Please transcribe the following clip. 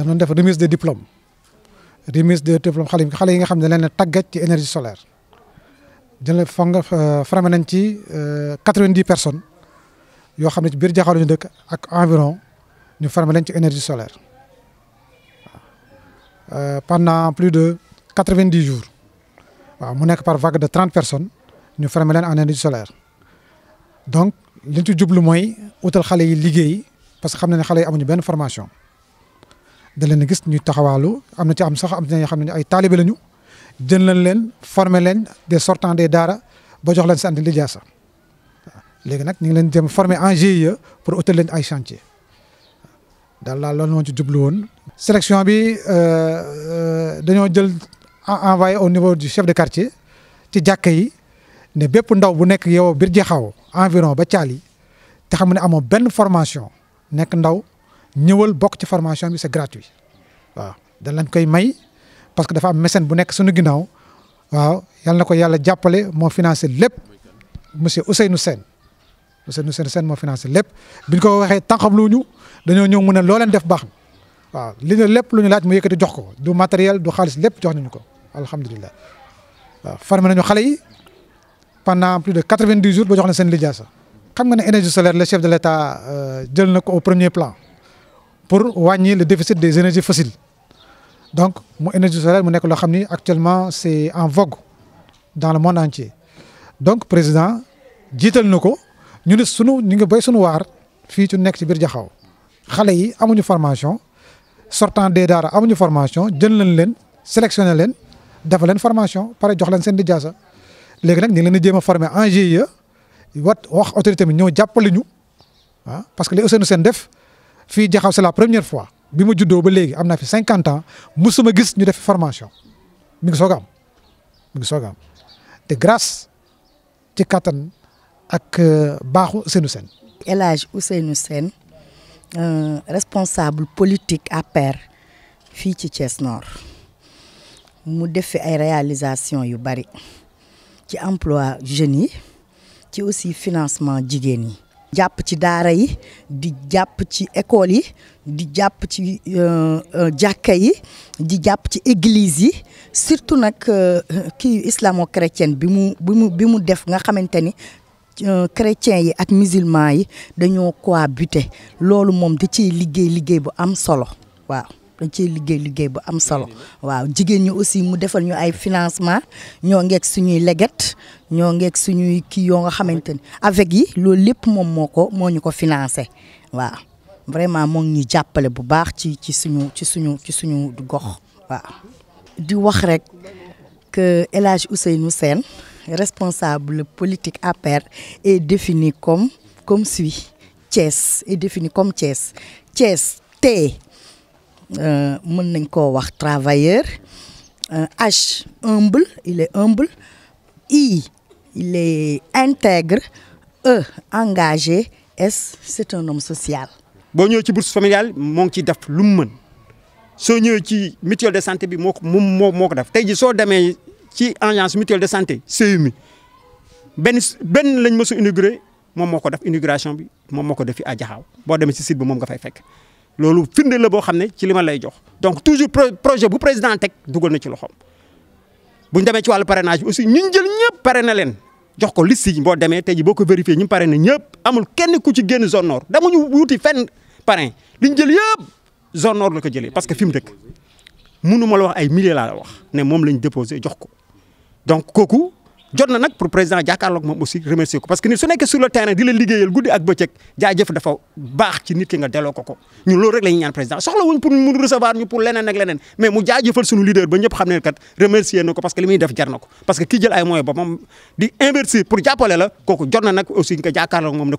danoon def remise de diplôme remise de diplôme xale yi xale yi nga xam ne leen tàggat ci énergie solaire jël fa nga euh, formé nañ ci euh, quatre-vingt-dix personnes yoo xam ne ci biir Jaxaaw ñu dëkk ak environ ñu formé leen ci énergie solaire euh, pendant plus de quatre-vingt-dix jours waaw mu nekk par vague de trente personnes ñu formé leen en énergie solaire donc liñ ci jublu mooy utal xale yi liggéey parce que xam ne ne xale yi amuñu benn formation da leen gis ñuy taxawaalu am na ci am sax am na ñoo xam ne ay taalibe lañu jël nañ leen former leen des sortants des daara ba jox leen seen andi lijaasa léegi nag ñu ngi leen jëm former en GIE pour utal leen ay daal laa loolu ci jublu woon. sélection bi euh, euh, dañoo jël envoyé au niveau du chef de quartier ci jàkka yi ne bépp ndaw bu nekk yow biir jaxaw environ ba Thiali te xam ne amoo benn formation nekk ndaw ñëwal bokk ci formation bi c'est gratuit. waaw dañ lañ koy may parce que dafa am mécène bu nekk sunu ginnaaw waaw yal na ko yàlla jàppale moo financé lépp monsieur Ousseynou Sène Ousseynou Sène seen moo financé lépp bi ñu ko waxee tànqam loo ñu dañoo ñëw mun ne loo leen def baax na waaw li lépp lu ñu laaj mu yëkkati jox ko du matériel du xaalis lépp jox nañu ko alhamdulilah waaw formé nañu xale yi pendant plus de quatre-vingt-dix jours ba jox na seen lijaasa xam nga ne énergie solaire le chef de l'État euh, jël na ko au premier pour wàññi le déficit des énergies fossiles donc mu énergie solaire mu nekk loo xam ni actuellement c'est en vogue dans le monde entier donc président jiital nu ko ñu ne sunu ñu ngi béy sunu waar fii cu nekk ci biir jaxaw xale yi amuñu formation sortant des daara amuñu formation jël nañ leen sélectionné leen dafa leen formation pare jox leen seen lijaasa léegi nag ñu ngi leen di a former en GIE wat wax autorité bi ñëw jàppale ñu ah parce que li Ousseynou seen def fii jaxaw c'est la première fois. bi ma juddoo ba léegi am na fi cinquante ans musuma gis ñu def formation mi ngi soog a am mi ci kattan ak euh, baaxu Ousseynou Sène. El Hadj Ousseynou Sène euh, responsable politique APR fii ci Thiès Nord mu def fi ay réalisation yu bari ci emploi jeunes yi ci aussi financement jigéen yi. jàpp ci daara yi di jàpp ci école yi di jàpp ci euh, euh, jàkka yi di jàpp ci église yi surtout nag euh, kii islamo-chrétienne bi mu bi mu bi mu def nga xamante ni chrétiens yi ak musulman yi dañoo cohabiter loolu moom da ciy liggéey liggéey bu am solo waaw dañ cee liggéey liggéey bu am solo waaw jigéen ñi aussi mu defal ñu ay financement ñoo ngeeg suñuy leget ñoo ngeeg suñuy kii yoo nga xamante ni avec yi loolu lépp moom moo ko moo ñu ko financé waaw vraiment moo ngi jàppale bu baax ci ci suñu ci suñu ci suñu gox waaw di wax rek que El Hadj nu Sène responsable politique APR est défini comme comme suit Thiès est défini comme Thiès Thiès te Euh, mën nañ koo wax travailleur euh, H humble il est humble I il est intègre E engagé S c'est un social. boo ñëwee ci bourse familiale moo ngi ciy def lu mu mën soo ñëwee ci mutuelle de santé bi moo ko moom moo moo ko def tey ji soo demee ci agence mutuelle de santé CMU benn benn lañ mës a inauguré moom moo ko def inauguration bi moom moo ko def fi boo demee si site bi moom nga fay fekk. loolu firnde la boo xam ne ci li ma lay jox donc toujours projet bu président teg dugal na ci loxom bu ñu demee ci wàllu parrainage bi aussi ñun jël ñëpp na leen jox ko liste boo demee tey ji boo ko vérifié ñu na ñëpp amul kenn ku ci génn zone noor nord damuñu wuti fenn pare li ñu jël yëpp zone nord la ko jëlee parce que fi mu dëkk mënu ma la wax ay milliers laa la wax ne moom lañ déposé jox ko donc kooku jot na nag pour président jàkkaarloog moom aussi remercier ko parce que nit su nekkee sur le terrain di la liggéeyal guddi ak bëccëg jaajëf dafa baax ci nit ki nga delloo ko ko ñun loolu rek la ñuy ñaan président soxla wuñ pour mu recevoir ñu pour leneen ak leneen mais mu jaajëfal suñu leader ba ñëpp xam ne kat remercier na ko parce que li muy def jar na parce que kii jël ay moyens ba moom di pour jàppale la kooku jot na nag aussi nga jàkkaarloog moom ne